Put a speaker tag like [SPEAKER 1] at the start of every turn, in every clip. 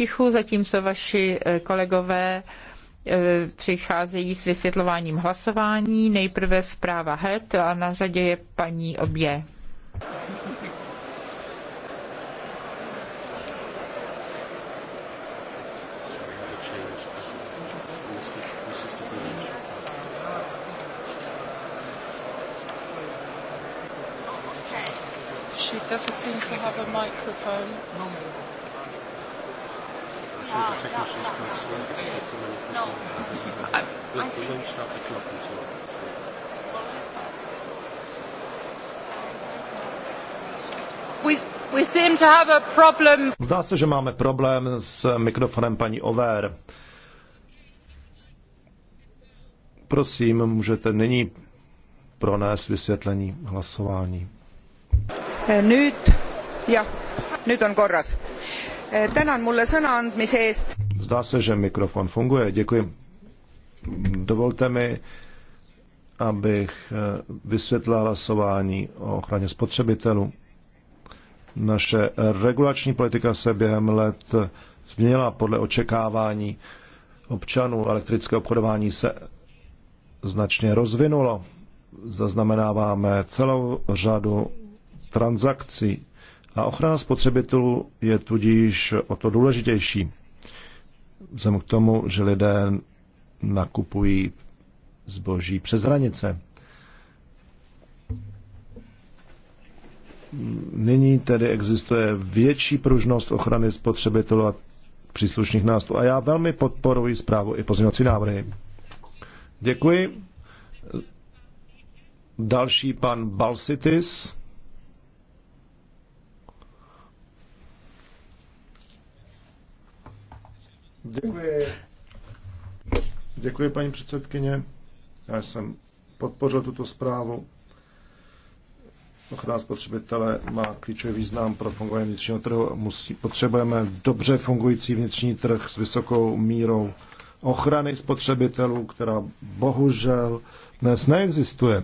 [SPEAKER 1] potichu, zatímco vaši eh, kolegové eh, přicházejí s vysvětlováním hlasování. Nejprve zpráva HED a na řadě je paní Obě. She doesn't seem to have a microphone. No.
[SPEAKER 2] Zdá se, že máme problém s mikrofonem paní Over. Prosím, můžete nyní pronést vysvětlení hlasování.
[SPEAKER 3] Nyt, ja. Eh,
[SPEAKER 2] Zdá se, že mikrofon funguje. Děkuji. Dovolte mi, abych eh, vysvětlil hlasování o ochraně spotřebitelů. Naše eh, regulační politika se během let změnila podle očekávání občanů. Elektrické obchodování se značně rozvinulo. Zaznamenáváme celou řadu transakcí a ochrana spotřebitelů je tudíž o to důležitější. Vzhledem k tomu, že lidé nakupují zboží přes hranice. Nyní tedy existuje větší pružnost ochrany spotřebitelů a příslušných nástrojů. A já velmi podporuji zprávu i pozměňovací návrhy. Děkuji. Další pan Balsitis. Děkuji. Děkuji, paní předsedkyně. Já jsem podpořil tuto zprávu. Ochrana spotřebitele má klíčový význam pro fungování vnitřního trhu. Musí, potřebujeme dobře fungující vnitřní trh s vysokou mírou ochrany spotřebitelů, která bohužel dnes neexistuje.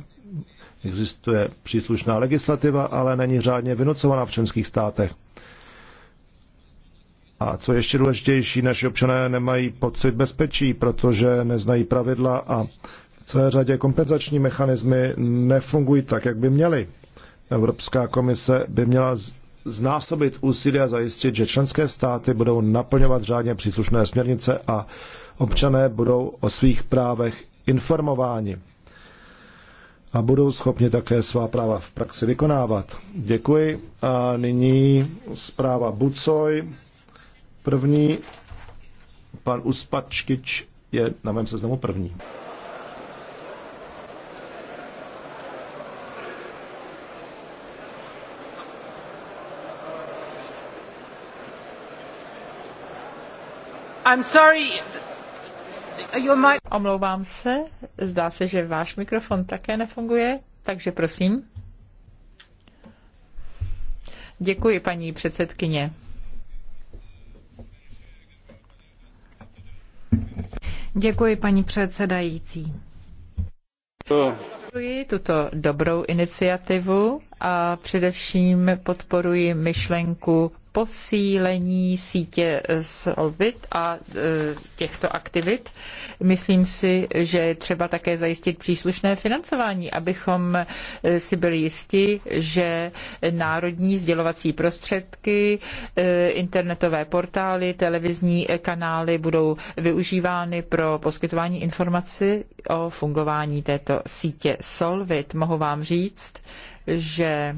[SPEAKER 2] Existuje příslušná legislativa, ale není řádně vynucovaná v členských státech. A co ještě důležitější, naši občané nemají pocit bezpečí, protože neznají pravidla a v celé řadě kompenzační mechanismy nefungují tak, jak by měly. Evropská komise by měla znásobit úsilí a zajistit, že členské státy budou naplňovat řádně příslušné směrnice a občané budou o svých právech informováni a budou schopni také svá práva v praxi vykonávat. Děkuji. A nyní zpráva Bucoj. První, pan Uspačkič je na mém seznamu první.
[SPEAKER 1] I'm sorry. Omlouvám se, zdá se, že váš mikrofon také nefunguje, takže prosím. Děkuji, paní předsedkyně. Děkuji, paní předsedající. Děkuji tuto dobrou iniciativu a především podporuji myšlenku posílení sítě Solvit a e, těchto aktivit. Myslím si, že je třeba také zajistit příslušné financování, abychom e, si byli jisti, že národní sdělovací prostředky, e, internetové portály, televizní kanály budou využívány pro poskytování informací o fungování této sítě Solvit. Mohu vám říct, že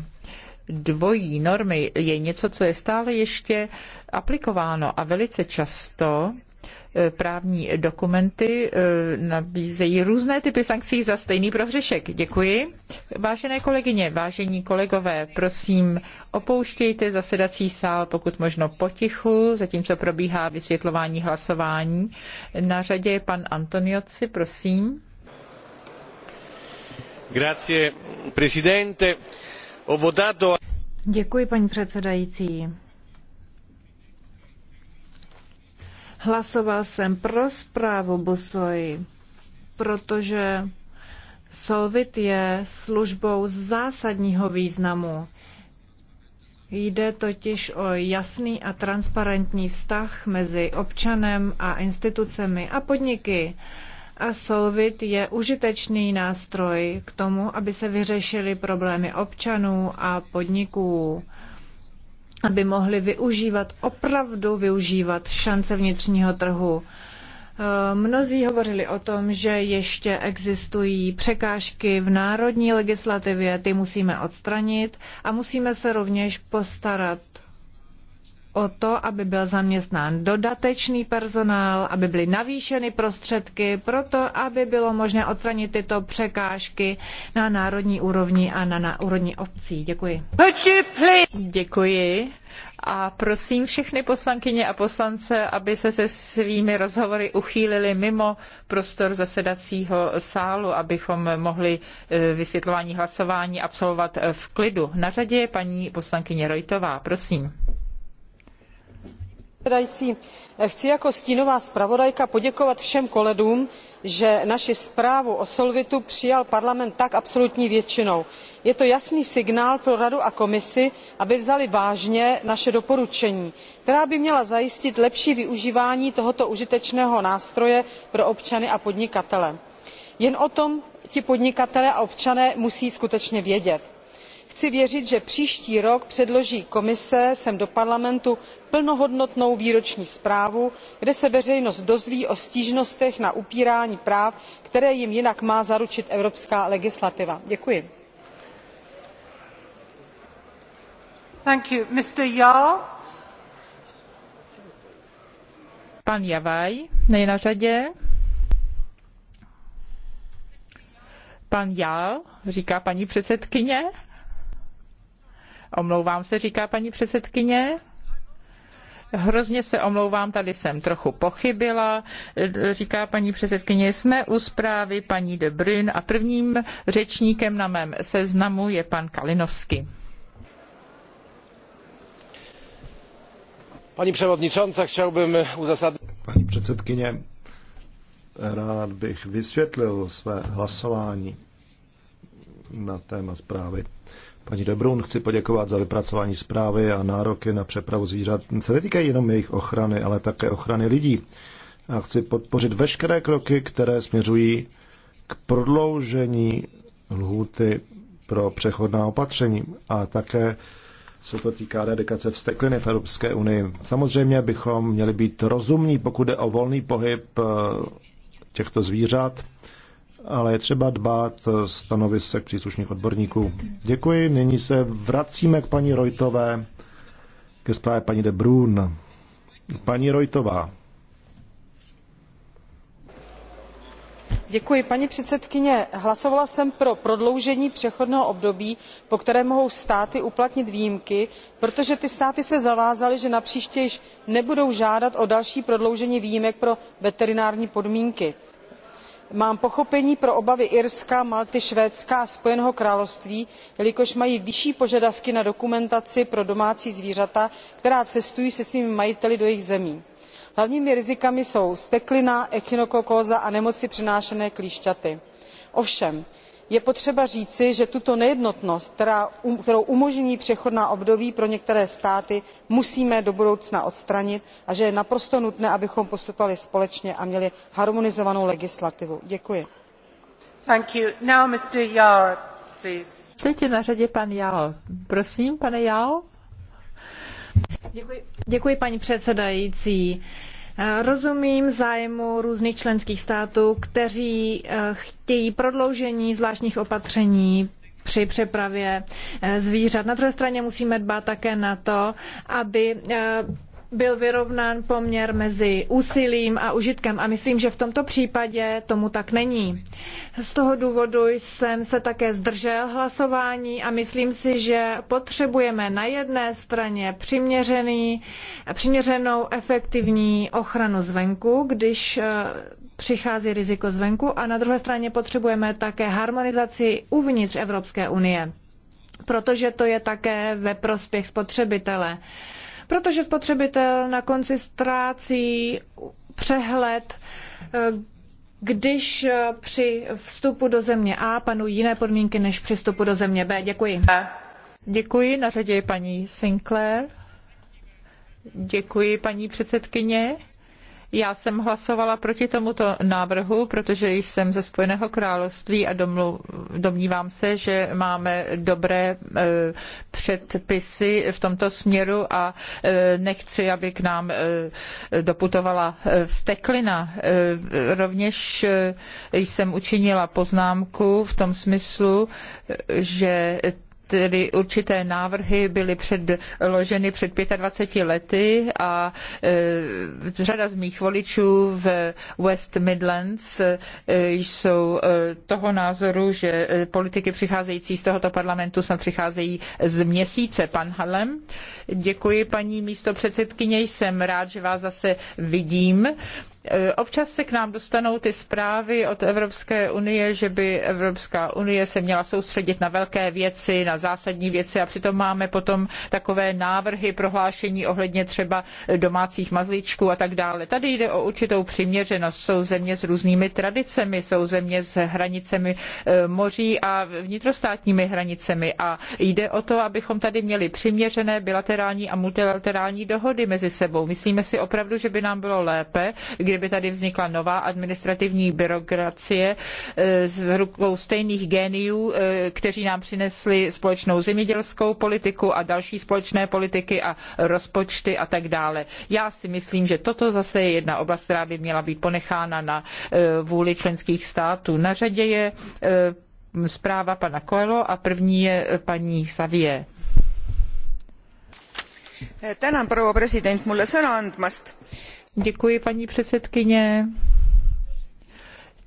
[SPEAKER 1] dvojí normy je něco, co je stále ještě aplikováno a velice často E, právní dokumenty e, nabízejí různé typy sankcí za stejný prohřešek. Děkuji. Vážené kolegyně, vážení kolegové, prosím, opouštějte zasedací sál pokud možno potichu, zatímco probíhá vysvětlování hlasování. Na řadě je pan Antonioci, prosím.
[SPEAKER 4] Grazie, presidente. Ho votato... Děkuji, paní předsedající. Hlasoval jsem pro zprávu Busoji, protože Solvit je službou zásadního významu. Jde totiž o jasný a transparentní vztah mezi občanem a institucemi a podniky. A Solvit je užitečný nástroj k tomu, aby se vyřešily problémy občanů a podniků aby mohli využívat, opravdu využívat šance vnitřního trhu. Eh, mnozí hovořili o tom, že ještě existují překážky v národní legislativě, ty musíme odstranit a musíme se rovněž postarat o to, aby byl zaměstnán dodatečný personál, aby byly navýšeny prostředky, pro to, aby bylo možné odstranit tyto překážky na národní úrovni a na, na úrovni obcí. Děkuji.
[SPEAKER 1] Děkuji. A prosím všechny poslankyně a poslance, aby se se svými rozhovory uchýlili mimo prostor zasedacího sálu, abychom mohli e, vysvětlování hlasování absolvovat e, v klidu. Na řadě je paní poslankyně Rojtová. Prosím
[SPEAKER 3] předsedající chci jako stínová zpravodajka poděkovat všem kolegům že naši zprávu o solvitu přijal parlament tak absolutní většinou. je to jasný signál pro radu a komisi aby vzaly vážně naše doporučení která by měla zajistit lepší využívání tohoto užitečného nástroje pro občany a podnikatele. jen o tom ti podnikatelé a občané musí skutečně vědět chci věřit že příští rok předloží komise sem do parlamentu plnohodnotnou výroční zprávu kde se veřejnost dozví o stížnostech na upírání práv které jim jinak má zaručit evropská legislativa. děkuji.
[SPEAKER 1] Pan říká předsedkyně. Omlouvám se, říká paní předsedkyně. Hrozně se omlouvám, tady jsem trochu pochybila, říká paní předsedkyně. Jsme u zprávy paní de Bruyne a prvním řečníkem na mém seznamu je pan Kalinovský.
[SPEAKER 2] Paní uzasadnit. Paní předsedkyně, rád bych vysvětlil své hlasování na téma zprávy. Paní Dobrun, chci poděkovat za vypracování zprávy a nároky na přepravu zvířat se netýkají jenom jejich ochrany, ale také ochrany lidí. A chci podpořit veškeré kroky, které směřují k prodloužení lhůty pro přechodná opatření a také se to týká radikace vstekliny v Evropské unii. Samozřejmě bychom měli být rozumní, pokud jde o volný pohyb eh, těchto zvířat ale je třeba dbát eh, stanovisek příslušných odborníků. Děkuji, nyní se vracíme k paní Rojtové, ke zprávě paní de Brun. Paní Rojtová.
[SPEAKER 3] Děkuji, paní předsedkyně hlasovala jsem pro prodloužení přechodného období po které mohou státy uplatnit výjimky protože ty státy se zavázaly že napříště již nebudou žádat o další prodloužení výjimek pro veterinární podmínky mám pochopení pro obavy irska malty švédska a spojeného království jelikož mají vyšší požadavky na dokumentaci pro domácí zvířata která cestují se svými majiteli do jejich zemí. hlavními riziky jsou vzteklina echinokokóza a nemoci přenášené klíšťaty. ovšem je potřeba říci že tuto nejednotnost um, kterou umožňují přechodná období pro některé státy musíme do budoucna odstranit a že je naprosto nutné abychom postupovali společně a měli harmonizovanou legislativu. děkuji. na řadě pan Prosím,
[SPEAKER 4] pane Děkuji, děkuji paní předsedající. Rozumím zájmu různých členských států, kteří eh, chtějí prodloužení zvláštních opatření při přepravě eh, zvířat. Na druhé straně musíme dbát také na to, aby eh, byl vyrovnán poměr mezi úsilím a užitkem a myslím, že v tomto případě tomu tak není. Z toho důvodu jsem se také zdržel hlasování a myslím si, že potřebujeme na jedné straně přiměřený, přiměřenou efektivní ochranu zvenku, když eh, přichází riziko zvenku a na druhé straně potřebujeme také harmonizaci uvnitř Evropské unie, protože to je také ve prospěch spotřebitele protože spotřebitel na konci ztrácí přehled, eh, když eh, při vstupu do země A panují jiné podmínky než při vstupu do země B. Děkuji. Děkuji. Na
[SPEAKER 1] řadě je paní Sinclair. Děkuji, paní předsedkyně. Já jsem hlasovala proti tomuto návrhu, protože jsem ze Spojeného království a domnívám se, že máme dobré e, předpisy v tomto směru a e, nechci, aby k nám e, doputovala steklina. E, e, rovněž e, jsem učinila poznámku v tom smyslu, že tedy určité návrhy byly předloženy před 25 lety a e, řada z mých voličů v West Midlands e, jsou e, toho názoru, že politiky přicházející z tohoto parlamentu sem přicházejí z měsíce. Pan Halem, děkuji paní místo předsedkyně, jsem rád, že vás zase vidím. Eh, občas se k nám dostanou ty zprávy od Evropské unie, že by Evropská unie se měla soustředit na velké věci, na zásadní věci a přitom máme potom takové návrhy prohlášení ohledně třeba domácích mazlíčků a tak dále. Tady jde o určitou přiměřenost. Jsou země s různými tradicemi, jsou země s hranicemi eh, moří a vnitrostátními hranicemi a jde o to, abychom tady měli přiměřené bilaterální a multilaterální dohody mezi sebou. Myslíme si opravdu, že by nám bylo lépe, kdyby tady vznikla nová administrativní byrokracie e, z rukou stejných géniů, e, kteří nám přinesli společnou zemědělskou politiku a další společné politiky a rozpočty a tak dále. Já si myslím, že toto zase je jedna oblast, která by měla být ponechána na e, vůli členských států. Na řadě je zpráva pana Coelho a první je paní Savie.
[SPEAKER 3] Tänan proua president mulle sõna andmast
[SPEAKER 1] Děkuji, paní předsedkyně.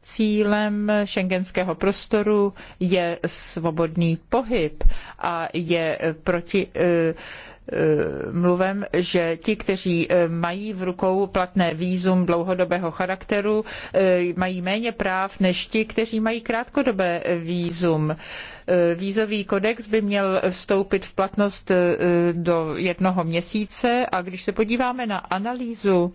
[SPEAKER 1] Cílem šengenského prostoru je svobodný pohyb a je proti eh, Eh, mluvem, že ti, kteří eh, mají v rukou platné výzum dlouhodobého charakteru, eh, mají méně práv než ti, kteří mají krátkodobé výzum. Vízový kodex by měl vstoupit v platnost do jednoho měsíce a když se podíváme na analýzu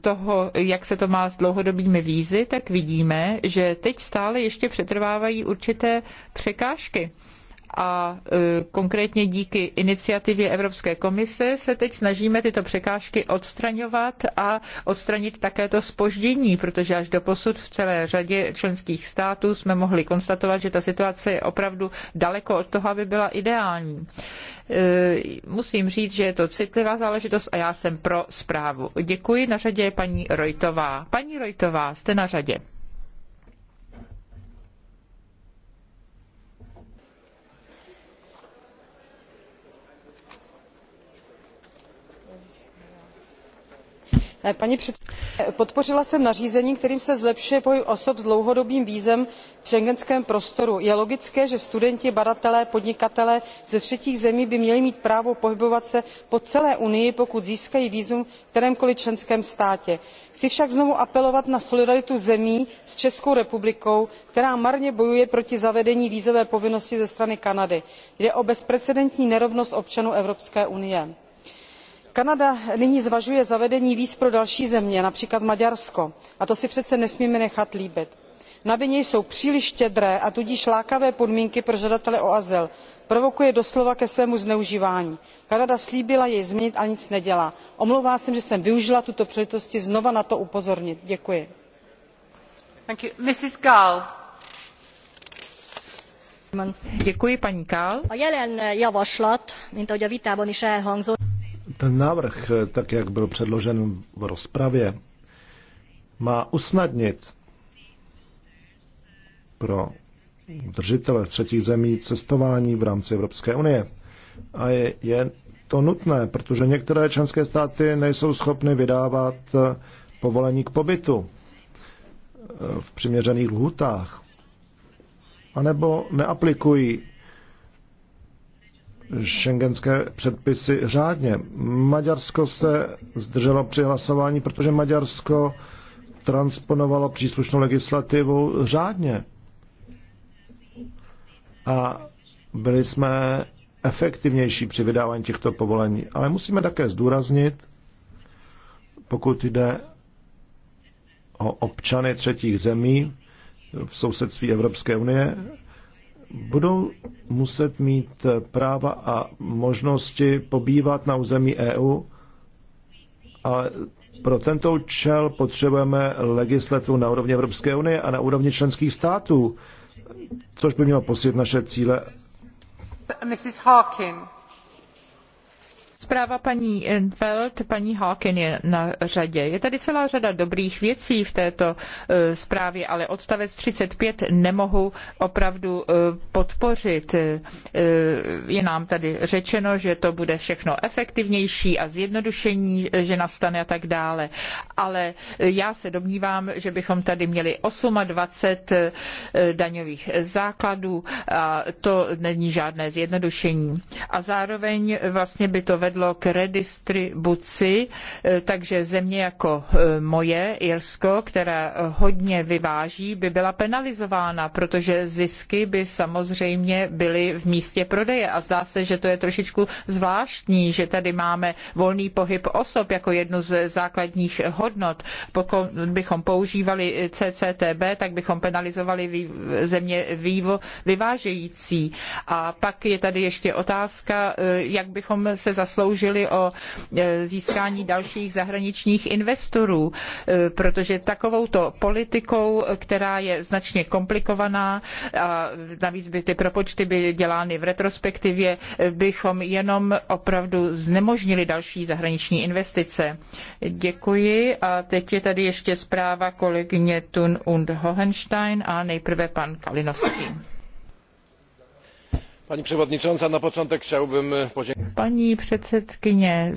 [SPEAKER 1] toho, jak se to má s dlouhodobými vízy, tak vidíme, že teď stále ještě přetrvávají určité překážky a e, konkrétně díky iniciativě Evropské komise se teď snažíme tyto překážky odstraňovat a odstranit také to spoždění, protože až do posud v celé řadě členských států jsme mohli konstatovat, že ta situace je opravdu daleko od toho, aby byla ideální. E, musím říct, že je to citlivá záležitost a já jsem pro zprávu. Děkuji. Na řadě je paní Rojtová. Paní Rojtová, jste na řadě.
[SPEAKER 3] paní předsedající podpořila jsem nařízení kterým se zlepšuje pohyb osob s dlouhodobým vízem v schengenském prostoru. je logické že studenti badatelé podnikatelé ze třetích zemí by měli mít právo pohybovat se po celé unii pokud získají vízum v kterémkoliv členském státě. chci však znovu apelovat na solidaritu zemí s českou republikou která marně bojuje proti zavedení vízové povinnosti ze strany kanady. jde o bezprecedentní nerovnost občanů evropské unie kanada nyní zvažuje zavedení víz pro další země například maďarsko a to si přece nesmíme nechat líbit. na vině jsou příliš štědré a tudíž lákavé podmínky pro žadatele o azyl provokuje doslova ke svému zneužívání. kanada slíbila jej změnit a nic nedělá. omlouvám se že jsem využila této příležitosti znova na to upozornit. děkuji. Děkuji, a javaslat
[SPEAKER 2] ten návrh, tak jak byl předložen v rozpravě, má usnadnit pro držitele z třetích zemí cestování v rámci Evropské unie. A je, je to nutné, protože některé členské státy nejsou schopny vydávat povolení k pobytu eh, v přiměřených lhutách, anebo neaplikují šengenské předpisy řádně. Maďarsko se zdrželo při hlasování, protože Maďarsko transponovalo příslušnou legislativu řádně. A byli jsme efektivnější při vydávání těchto povolení. Ale musíme také zdůraznit, pokud jde o občany třetích zemí v sousedství Evropské unie, budou muset mít práva a možnosti pobývat na území EU, ale pro tento účel potřebujeme legislativu na úrovni Evropské unie a na úrovni členských států, což by mělo posílit naše cíle.
[SPEAKER 1] Mrs. Zpráva paní Enfeld, paní Hawken je na řadě. Je tady celá řada dobrých věcí v této e, zprávě, ale odstavec 35 nemohu opravdu e, podpořit. E, je nám tady řečeno, že to bude všechno efektivnější a zjednodušení, že nastane a tak dále. Ale já se domnívám, že bychom tady měli 28 daňových základů a to není žádné zjednodušení. A zároveň vlastně by to vedlo vedlo k redistribuci, eh, takže země jako eh, moje, Irsko, která hodně vyváží, by byla penalizována, protože zisky by samozřejmě byly v místě prodeje. A zdá se, že to je trošičku zvláštní, že tady máme volný pohyb osob jako jednu z základních hodnot. Pokud bychom používali CCTB, tak bychom penalizovali země vývo, vyvážející. A pak je tady ještě otázka, eh, jak bychom se zasloužili zasloužili o e, získání dalších zahraničních investorů, e, protože takovouto politikou, která je značně komplikovaná a navíc by ty propočty byly dělány v retrospektivě, e, bychom jenom opravdu znemožnili další zahraniční investice. Děkuji a teď je tady ještě zpráva kolegyně Tun und Hohenstein a nejprve pan Kalinovský.
[SPEAKER 2] Pani przewodnicząca, na
[SPEAKER 1] Paní předsedkyně,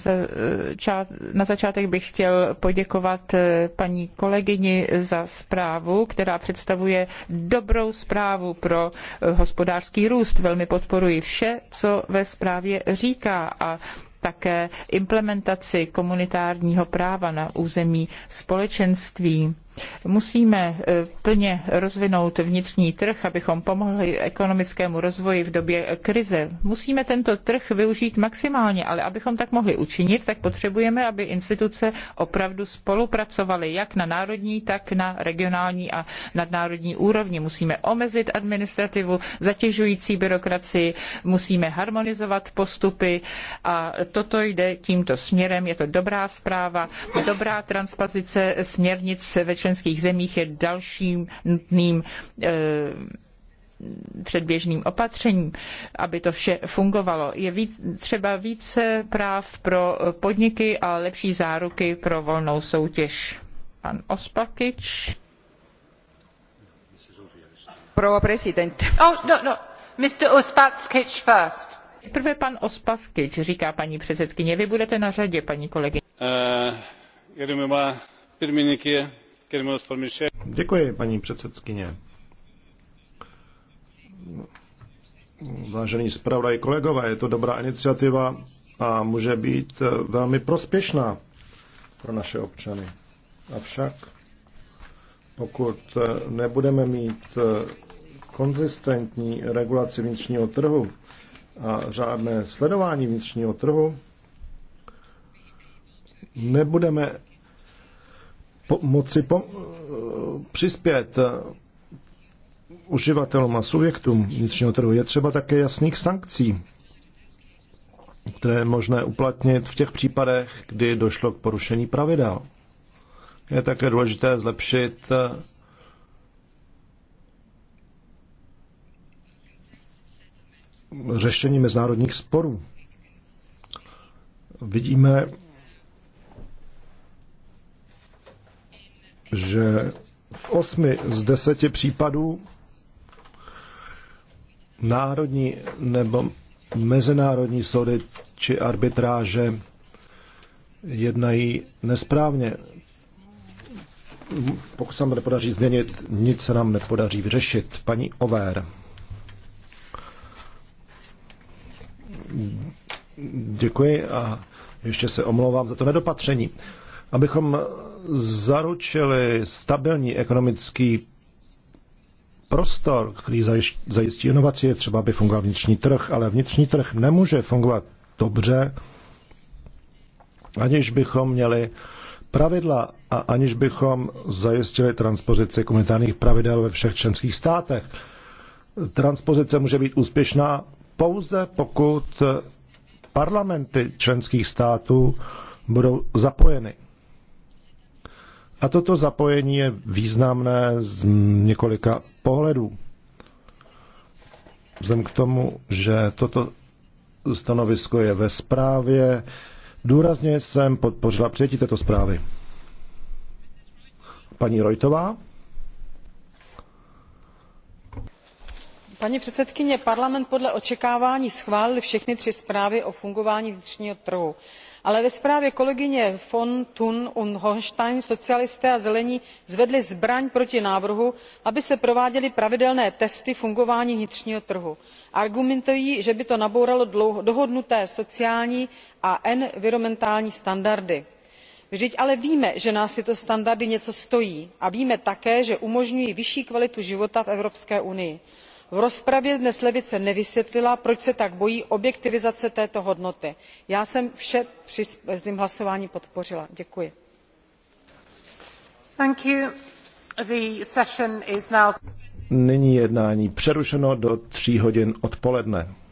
[SPEAKER 1] na začátek bych chtěl poděkovat eh, paní kolegyni za zprávu, která představuje dobrou zprávu pro eh, hospodářský růst. Velmi podporuji vše, co ve zprávě říká a také implementaci komunitárního práva na území společenství Musíme e, plně rozvinout vnitřní trh, abychom pomohli ekonomickému rozvoji v době krize. Musíme tento trh využít maximálně, ale abychom tak mohli učinit, tak potřebujeme, aby instituce opravdu spolupracovaly jak na národní, tak na regionální a nadnárodní úrovni. Musíme omezit administrativu, zatěžující byrokracii, musíme harmonizovat postupy a toto jde tímto směrem. Je to dobrá zpráva, dobrá transpozice směrnic ve členských zemích je dalším nutným eh, předběžným opatřením, aby to vše fungovalo. Je víc, třeba více práv pro podniky a lepší záruky pro volnou soutěž. Pan Ospakič. Pro prezident. Oh, no, no. Mr. Ospakič first. Prvé pan Ospaskič, říká paní předsedkyně. Vy budete na řadě, paní kolegyně.
[SPEAKER 2] Uh, Děkuji, paní předsedkyně. Vážení zpravodaj kolegové, je to dobrá iniciativa a může být velmi prospěšná pro naše občany. Avšak pokud nebudeme mít konzistentní regulaci vnitřního trhu a řádné sledování vnitřního trhu, nebudeme moci po, eh, přispět eh, uživatelům a subjektům vnitřního trhu. Je třeba také jasných sankcí, které je možné uplatnit v těch případech, kdy došlo k porušení pravidel. Je také důležité zlepšit eh, řešení mezinárodních sporů. Vidíme, že v osmi z deseti případů národní nebo mezinárodní soudy či arbitráže jednají nesprávně. Pokud se nám nepodaří změnit, nic se nám nepodaří vyřešit. Paní Over. Děkuji a ještě se omlouvám za to nedopatření abychom zaručili stabilní ekonomický prostor, který zajistí inovaci, je třeba, aby fungoval vnitřní trh, ale vnitřní trh nemůže fungovat dobře, aniž bychom měli pravidla a aniž bychom zajistili transpozici komunitárních pravidel ve všech členských státech. Transpozice může být úspěšná pouze pokud parlamenty členských států budou zapojeny. A toto zapojení je významné z několika pohledů. Vzhledem k tomu, že toto stanovisko je ve zprávě, důrazně jsem podpořila přijetí této zprávy. Paní Rojtová.
[SPEAKER 3] paní předsedkyně parlament podle očekávání schválil všechny tři zprávy o fungování vnitřního trhu ale ve zprávě kolegyně von thun und hohenstein socialisté a zelení zvedli zbraň proti návrhu aby se prováděly pravidelné testy fungování vnitřního trhu. argumentují že by to nabouralo dohodnuté sociální a environmentální standardy. vždyť ale víme že nás tyto standardy něco stojí a víme také že umožňují vyšší kvalitu života v evropské unii v rozpravě dnes levice nevysvětlila proč se tak bojí objektivizace této hodnoty. já jsem vše při svém hlasování podpořila. děkuji.
[SPEAKER 2] nyní je jednání přerušeno do tří hodin odpoledne.